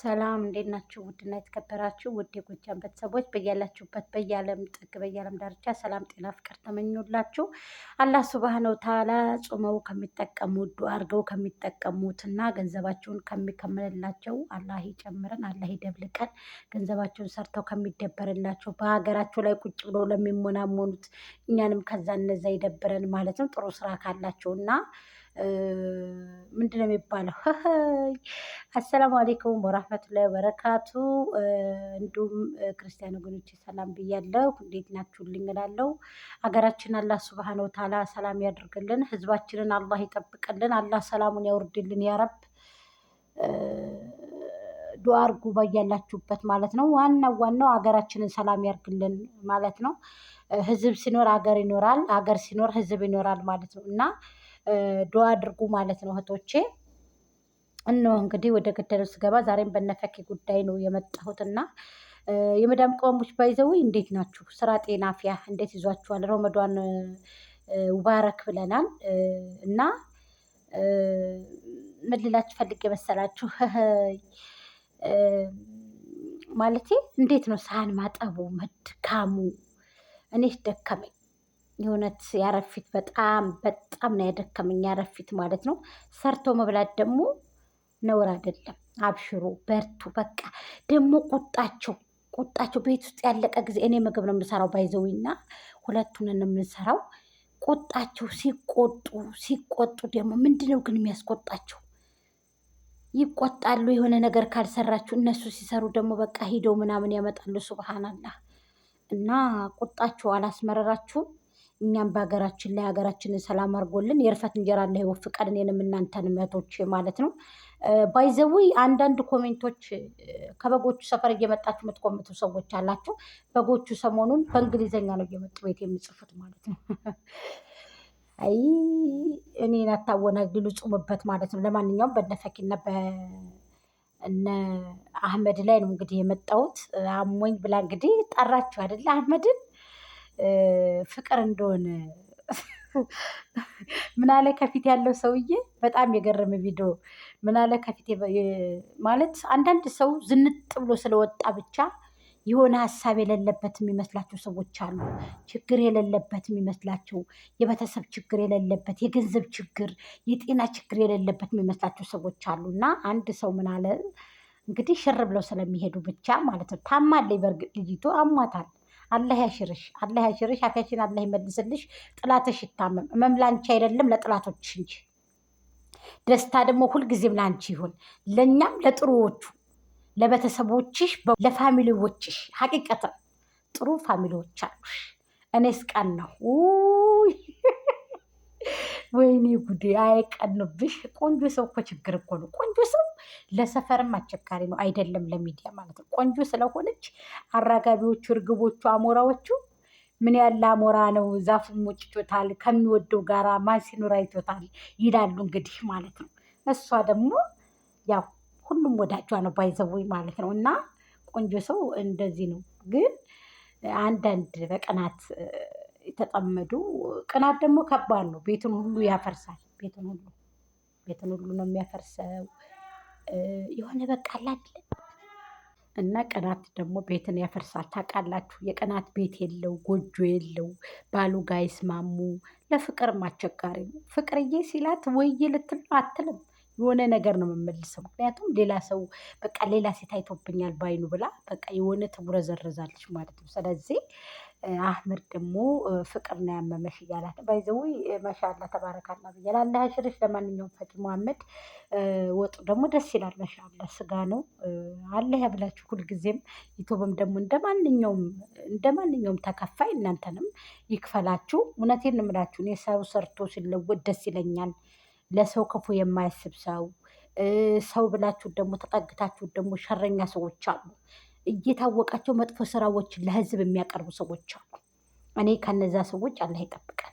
ሰላም እንዴት ናችሁ? ውድና የተከበራችሁ ውድ የጎጃም ቤተሰቦች በያላችሁበት በያለም ጥግ በያለም ዳርቻ ሰላም፣ ጤና፣ ፍቅር ተመኞላችሁ። አላህ ሱብሃነሁ ወተዓላ ጾመው ከሚጠቀሙት ዱ አድርገው ከሚጠቀሙት እና ገንዘባቸውን ከሚከምልላቸው አላህ ይጨምረን፣ አላህ ይደብልቀን። ገንዘባቸውን ሰርተው ከሚደበርላቸው በሀገራቸው ላይ ቁጭ ብለው ለሚሞናሞኑት እኛንም ከዛ እነዛ ይደብረን ማለት ነው ጥሩ ስራ ካላቸው እና ምንድን ነው የሚባለው? አሰላሙ አሌይኩም ወራህመቱላሂ ወበረካቱ። እንዲሁም ክርስቲያን ወገኖች ሰላም ብያለሁ። እንዴት ናችሁልኝ እላለሁ። ሀገራችን አላህ ሱብሃነ ወተዓላ ሰላም ያድርግልን። ህዝባችንን አላህ ይጠብቅልን። አላህ ሰላሙን ያውርድልን። ያረብ ዱዓ አርጉ ባያላችሁበት ማለት ነው። ዋናው ዋናው ሀገራችንን ሰላም ያርግልን ማለት ነው። ህዝብ ሲኖር ሀገር ይኖራል፣ ሀገር ሲኖር ህዝብ ይኖራል ማለት ነው እና ዱአ አድርጉ ማለት ነው እህቶቼ። እነሆ እንግዲህ ወደ ገደለው ስገባ ዛሬም በነፈኬ ጉዳይ ነው የመጣሁትና የመዳም ቅመሞች ባይዘዊ እንዴት ናችሁ? ስራ፣ ጤና፣ አፍያ እንዴት ይዟችኋል? ረመዷን ውባረክ ብለናል እና ምን ልላችሁ ፈልጌ መሰላችሁ ማለቴ እንዴት ነው ሳህን ማጠቡ መድካሙ እኔ ደከመኝ። የእውነት ያረፊት በጣም በጣም ነው ያደከመኝ። ያረፊት ማለት ነው። ሰርቶ መብላት ደግሞ ነውር አይደለም። አብሽሮ በርቱ። በቃ ደግሞ ቁጣቸው ቁጣቸው ቤት ውስጥ ያለቀ ጊዜ እኔ ምግብ ነው የምሰራው፣ ባይዘዊና ሁለቱን የምንሰራው ቁጣቸው ሲቆጡ ሲቆጡ ደግሞ ምንድነው ግን የሚያስቆጣቸው? ይቆጣሉ የሆነ ነገር ካልሰራችሁ። እነሱ ሲሰሩ ደግሞ በቃ ሂደው ምናምን ያመጣሉ። ሱብሃናላህ። እና ቁጣቸው አላስመረራችሁም? እኛም በሀገራችን ላይ ሀገራችንን ሰላም አድርጎልን የእርፈት እንጀራ አለ ህይወት ፍቀድን የንም እናንተን መቶች ማለት ነው። ባይዘዊ አንዳንድ ኮሜንቶች ከበጎቹ ሰፈር እየመጣችሁ የምትቆምቱ ሰዎች አላችሁ። በጎቹ ሰሞኑን በእንግሊዝኛ ነው እየመጡ ቤት የሚጽፉት ማለት ነው። አይ እኔን አታወናግሉ ጹምበት ማለት ነው። ለማንኛውም በነፈኪና በነ አህመድ ላይ ነው እንግዲህ የመጣሁት። አሞኝ ብላ እንግዲህ ጠራችሁ አይደለ አህመድን ፍቅር እንደሆነ ምናለ ከፊት ያለው ሰውዬ በጣም የገረመ ቪዲዮ ምናለ ከፊት ማለት አንዳንድ ሰው ዝንጥ ብሎ ስለወጣ ብቻ የሆነ ሀሳብ የሌለበት የሚመስላቸው ሰዎች አሉ። ችግር የሌለበት የሚመስላቸው የቤተሰብ ችግር የሌለበት የገንዘብ ችግር፣ የጤና ችግር የሌለበት የሚመስላቸው ሰዎች አሉ። እና አንድ ሰው ምናለ እንግዲህ ሽር ብለው ስለሚሄዱ ብቻ ማለት ነው። ታማለች፣ በእርግጥ ልጅቶ አሟታል። አላህ ያሽርሽ፣ አላህ ያሽርሽ፣ አፍያችን አላህ ይመልስልሽ። ጥላትሽ ይታመም። እመም ላንቺ አይደለም ለጥላቶች እንጂ ደስታ ደግሞ ሁልጊዜም ላንቺ ይሁን፣ ለእኛም ለጥሩዎቹ፣ ለቤተሰቦችሽ፣ ለፋሚሊዎችሽ። ሀቂቀት ጥሩ ፋሚሊዎች አሉሽ። እኔስ ቀን ነው ወይኔ ጉዴ፣ አይቀንብሽ። ቆንጆ ሰው እኮ ችግር እኮ ነው ቆንጆ ሰው ለሰፈርም አስቸጋሪ ነው፣ አይደለም ለሚዲያ ማለት ነው። ቆንጆ ስለሆነች አራጋቢዎቹ፣ እርግቦቹ፣ አሞራዎቹ ምን ያለ አሞራ ነው ዛፉ ሞጭቶታል፣ ከሚወደው ጋራ ማን ሲኖር አይቶታል ይላሉ እንግዲህ ማለት ነው። እሷ ደግሞ ያው ሁሉም ወዳጇ ነው ባይዘወይ ማለት ነው። እና ቆንጆ ሰው እንደዚህ ነው። ግን አንዳንድ በቅናት የተጠመዱ ቅናት ደግሞ ከባድ ነው። ቤትን ሁሉ ያፈርሳል። ቤትን ሁሉ ቤትን ሁሉ ነው የሚያፈርሰው። የሆነ በቃ አላለ እና ቅናት ደግሞ ቤትን ያፈርሳል። ታውቃላችሁ፣ የቅናት ቤት የለው ጎጆ የለው ባሉ ጋ ይስማሙ። ለፍቅርም አስቸጋሪ ነው። ፍቅርዬ ሲላት ወይዬ ልትል ነው አትልም። የሆነ ነገር ነው የምመልሰው። ምክንያቱም ሌላ ሰው በቃ ሌላ ሴት አይቶብኛል ባይኑ ብላ በቃ የሆነ ትጉረዘረዛለች ማለት ነው። ስለዚህ አህመድ ደግሞ ፍቅር ነው ያመመሽ እያላት ባይዘዊ መሻላ ተባረካላ ብያል። አላህ ያሽርሽ። ለማንኛውም ፈቂ መሐመድ ወጡ ደግሞ ደስ ይላል። መሻላ ስጋ ነው አለ ያብላችሁ። ሁልጊዜም ዩቱብም ደግሞ እንደማንኛውም እንደማንኛውም ተከፋይ እናንተንም ይክፈላችሁ። እውነቴን እምላችሁ እኔ ሰው ሰርቶ ሲለወጥ ደስ ይለኛል። ለሰው ክፉ የማያስብ ሰው ሰው ብላችሁ ደግሞ ተጠግታችሁ ደግሞ ሸረኛ ሰዎች አሉ። እየታወቃቸው መጥፎ ስራዎች ለህዝብ የሚያቀርቡ ሰዎች አሉ። እኔ ከነዛ ሰዎች አላህ ይጠብቀን፣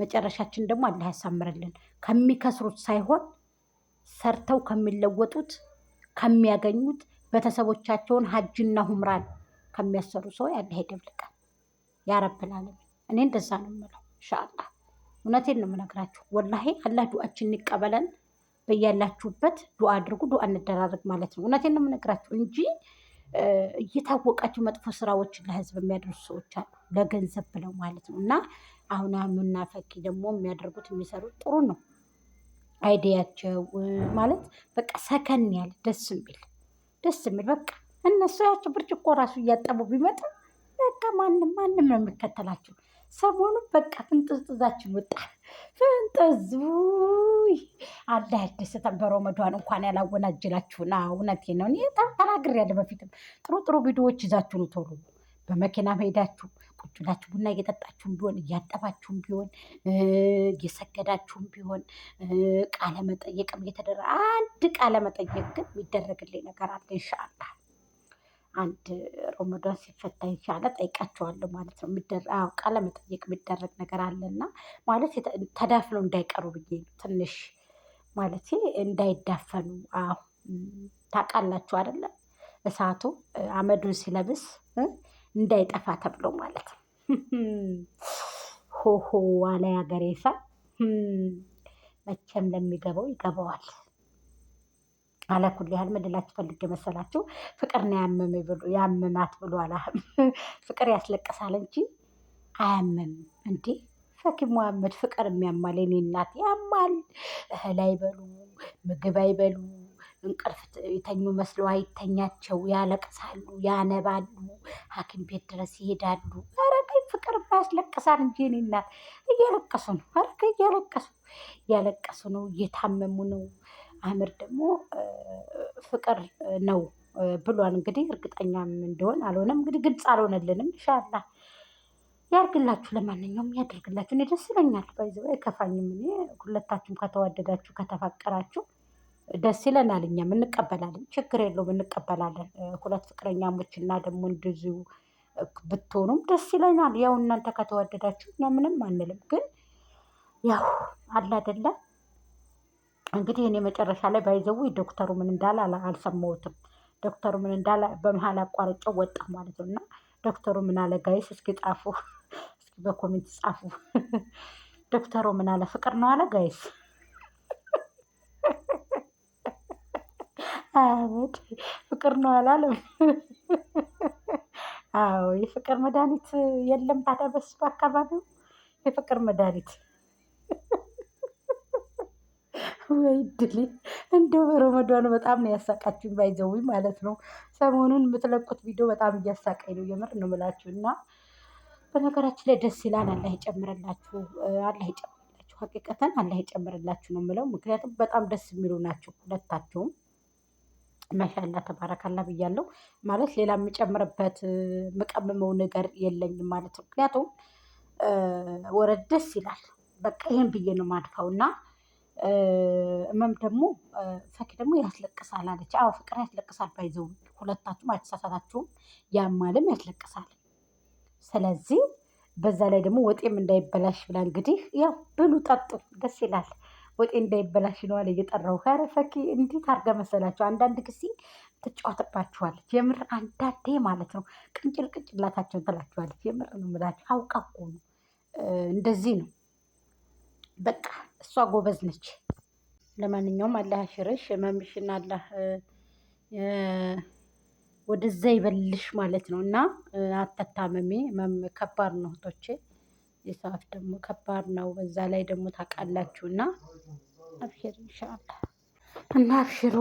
መጨረሻችን ደግሞ አላህ ያሳምርልን። ከሚከስሩት ሳይሆን ሰርተው ከሚለወጡት ከሚያገኙት ቤተሰቦቻቸውን ሀጅና ሁምራን ከሚያሰሩ ሰው አላህ ይደብልቀን ያረብል እኔ እንደዛ ነው የምለው። ኢንሻአላህ እውነቴን ነው የምነግራችሁ። ወላሂ አላህ ዱአችን ይቀበለን። በያላችሁበት ዱ አድርጉ፣ ዱ እንደራረግ ማለት ነው። እውነቴን ነው የምነግራችሁ እንጂ እየታወቃቸው መጥፎ ስራዎችን ለህዝብ የሚያደርሱ ሰዎች አሉ፣ ለገንዘብ ብለው ማለት ነው። እና አሁን አህሙና ፈኪ ደግሞ የሚያደርጉት የሚሰሩት ጥሩ ነው። አይዲያቸው ማለት በቃ ሰከን ያለ ደስ የሚል ደስ የሚል በቃ እነሱ ያቸው ብርጭቆ ራሱ እያጠቡ ቢመጣ በቃ ማንም ማንም ነው የሚከተላቸው። ሰሞኑን በቃ ፍንጥዝጥዛችን ወጣ ፍንጥዝ አላህ ያስደስተን። በረመዷን እንኳን ያላወናጅላችሁና እውነቴ ነው ተናግሬያለሁ። በፊትም ጥሩ ጥሩ ቪዲዮዎች ይዛችሁ ነው ቶሎ በመኪና መሄዳችሁ ቁጭ ብላችሁ ቡና እየጠጣችሁም ቢሆን እያጠባችሁም ቢሆን እየሰገዳችሁም ቢሆን ቃለ መጠየቅም እየተደረገ አንድ ቃለ መጠየቅ ግን የሚደረግልኝ ነገር አለ። እንሻላ አንድ ሮመዳን ሲፈታ ይሻለ ጠይቃችኋለሁ ማለት ነው። ቃለ መጠየቅ የሚደረግ ነገር አለና ማለት ተዳፍነው እንዳይቀሩ ብዬ ትንሽ ማለት እንዳይዳፈኑ። አዎ ታውቃላችሁ አይደለም እሳቱ አመዱን ሲለብስ እንዳይጠፋ ተብሎ ማለት ነው። ሆሆ ዋላ ያገሬ ሰው መቼም ለሚገባው ይገባዋል። አላኩል ያህል ምንድላችሁ ፈልግ የመሰላችሁ ፍቅር ነው ያመማት ብሎ አላህም ፍቅር ያስለቀሳል እንጂ አያምም እንዴ ፈኪ ሙሀመድ ፍቅር የሚያማል የኔ እናት ያማል። እህል አይበሉ፣ ምግብ አይበሉ፣ እንቅልፍ የተኙ መስሎ አይተኛቸው፣ ያለቅሳሉ፣ ያነባሉ፣ ሐኪም ቤት ድረስ ይሄዳሉ። ኧረ ፍቅር ባያስለቅሳል እንጂ የኔ እናት እያለቀሱ ነው። ኧረ ግን እያለቀሱ እያለቀሱ ነው፣ እየታመሙ ነው። አምር ደግሞ ፍቅር ነው ብሏል። እንግዲህ እርግጠኛም እንደሆን አልሆነም። እንግዲህ ግልጽ አልሆነልንም። ኢንሻላህ ያርግላችሁ። ለማንኛውም ያደርግላችሁ። እኔ ደስ ይለኛል፣ ባይዘው አይከፋኝም። እኔ ሁለታችሁም ከተዋደዳችሁ ከተፋቀራችሁ ደስ ይለናል። እኛም እንቀበላለን፣ ችግር የለውም እንቀበላለን። ሁለት ፍቅረኛሞች እና ደግሞ እንደዚሁ ብትሆኑም ደስ ይለናል። ያው እናንተ ከተዋደዳችሁ እኛ ምንም አንልም። ግን ያው አለ አይደለ እንግዲህ እኔ መጨረሻ ላይ ባይዘው ዶክተሩ ምን እንዳለ አልሰማሁትም። ዶክተሩ ምን እንዳለ በመሀል አቋርጬው ወጣ ማለት ነው እና ዶክተሩ ምን አለ ጋይስ? እስኪ ጻፉ፣ እስኪ በኮሜንት ጻፉ። ዶክተሩ ምን አለ? ፍቅር ነው አለ ጋይስ? አቤት ፍቅር ነው አላለም? አዎ የፍቅር መድኃኒት የለም ታዲያ በሱ አካባቢው የፍቅር መድኃኒት ወይድል እንደው ረመዷን በጣም ነው ያሳቃችሁኝ፣ ባይዘዊ ማለት ነው። ሰሞኑን የምትለቁት ቪዲዮ በጣም እያሳቀኝ ነው፣ የምር ነው የምላችሁ። እና በነገራችን ላይ ደስ ይላል። አላህ ይጨምርላችሁ፣ አላህ ይጨምርላችሁ፣ ሀቂቀተን አላህ ይጨምርላችሁ ነው የምለው። ምክንያቱም በጣም ደስ የሚሉ ናቸው ሁለታቸውም። ማሻላ ተባረካላ ብያለሁ ማለት ሌላ የምጨምርበት የምቀምመው ነገር የለኝም ማለት ነው። ምክንያቱም ወረድ ደስ ይላል። በቃ ይህን ብዬ ነው ማድፈው እና እመም ደግሞ ፈኪ ደግሞ ያስለቅሳል አለች። አዎ ፍቅር ያስለቅሳል። ባይዘው ሁለታችሁም አልተሳሳታችሁም። ያማልም ያስለቅሳል። ስለዚህ በዛ ላይ ደግሞ ወጤም እንዳይበላሽ ብላ እንግዲህ ያው ብሉ ጠጡ፣ ደስ ይላል። ወጤ እንዳይበላሽ ነዋል እየጠራው ኧረ ፈኪ እንዴት አርጋ መሰላቸው። አንዳንድ ጊዜ ትጫወትባችኋለች። የምር አንዳንዴ ማለት ነው ቅንጭል ቅንጭላታቸውን ትላችኋለች። የምር ነው የምላቸው። አውቃ እኮ ነው እንደዚህ ነው በቃ እሷ ጎበዝ ነች። ለማንኛውም አላህ ያሽርሽ ህመምሽን አላህ ወደዛ ይበልሽ ማለት ነው እና አተታመሜ ህመም ከባድ ነው እህቶቼ። የሰዓት ደግሞ ከባድ ነው። በዛ ላይ ደግሞ ታውቃላችሁ እና አብሽር ኢንሻአላህ እና አብሽሩ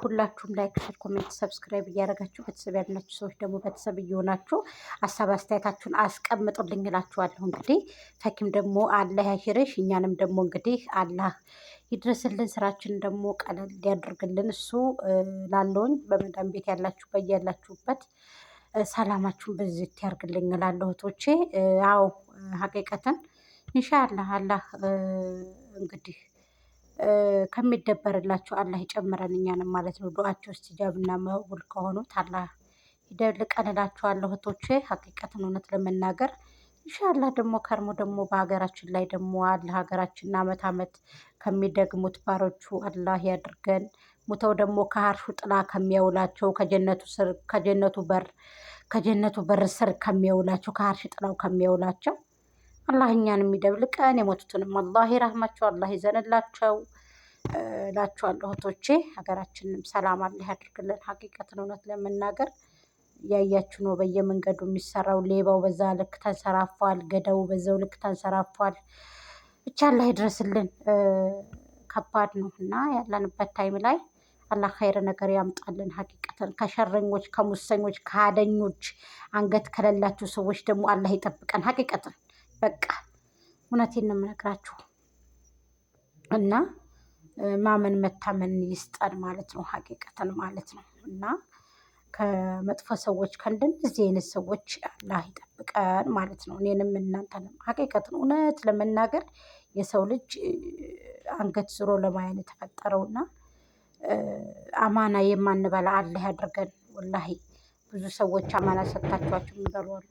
ሁላችሁም ላይክ፣ ሸር፣ ኮሜንት፣ ሰብስክራይብ እያደረጋችሁ ቤተሰብ ያላችሁ ሰዎች ደግሞ ቤተሰብ እየሆናችሁ ሀሳብ አስተያየታችሁን አስቀምጡልኝ እላችኋለሁ። እንግዲህ ፈኪም ደግሞ አላህ ያሽርሽ፣ እኛንም ደግሞ እንግዲህ አላህ ይድረስልን፣ ስራችን ደግሞ ቀለል ሊያደርግልን እሱ ላለውኝ በመዳን ቤት ያላችሁ በያላችሁበት ሰላማችሁን በዚህ ያርግልኝ እላለሁ። እህቶቼ አዎ ሀቂቀትን ኢንሻላህ አላህ እንግዲህ ከሚደበርላቸው አላህ ይጨምረን እኛንም ማለት ነው። ዱዓቸው እስትጃብና መውል ከሆኑት አላህ ይደልቀንላቸዋለሁ። እህቶቼ ሀቂቀትን እውነት ለመናገር ኢንሻላህ ደግሞ ከርሞ ደግሞ በሀገራችን ላይ ደግሞ አለ ሀገራችን አመት አመት ከሚደግሙት ባሮቹ አላህ ያድርገን። ሙተው ደግሞ ከአርሹ ጥላ ከሚያውላቸው ከጀነቱ በር ከጀነቱ በር ስር ከሚያውላቸው ከሀርሽ ጥላው ከሚያውላቸው አላህ እኛን የሚደብልቀን የሞቱትንም አላህ ይራህማቸው፣ አላህ ይዘንላቸው እላችኋለሁ። እህቶቼ ሀገራችንም ሰላም አላህ ያድርግልን። ሀቂቀትን እውነት ለመናገር ያያችሁ ነው። በየመንገዱ የሚሰራው ሌባው በዛ ልክ ተንሰራፏል። ገዳው በዛው ልክ ተንሰራፏል። ብቻ አላህ ይድረስልን። ከባድ ነው እና ያለንበት ታይም ላይ አላህ ኸይር ነገር ያምጣልን። ሀቂቀትን ከሸረኞች፣ ከሙሰኞች፣ ከአደኞች አንገት ከሌላቸው ሰዎች ደግሞ አላህ ይጠብቀን። ሀቂቀትን በቃ እውነቴን ነው የምነግራችሁ። እና ማመን መታመን ይስጠን ማለት ነው፣ ሀቂቀትን ማለት ነው። እና ከመጥፎ ሰዎች ከእንደዚህ አይነት ሰዎች አላህ ይጠብቀን ማለት ነው። እኔንም እናንተንም ሀቂቀትን እውነት ለመናገር የሰው ልጅ አንገት ዞሮ ለማያን የተፈጠረውና አማና የማንበላ አላህ ያድርገን። ወላሂ ብዙ ሰዎች አማና ሰጥታችኋቸው የሚበሉ አሉ።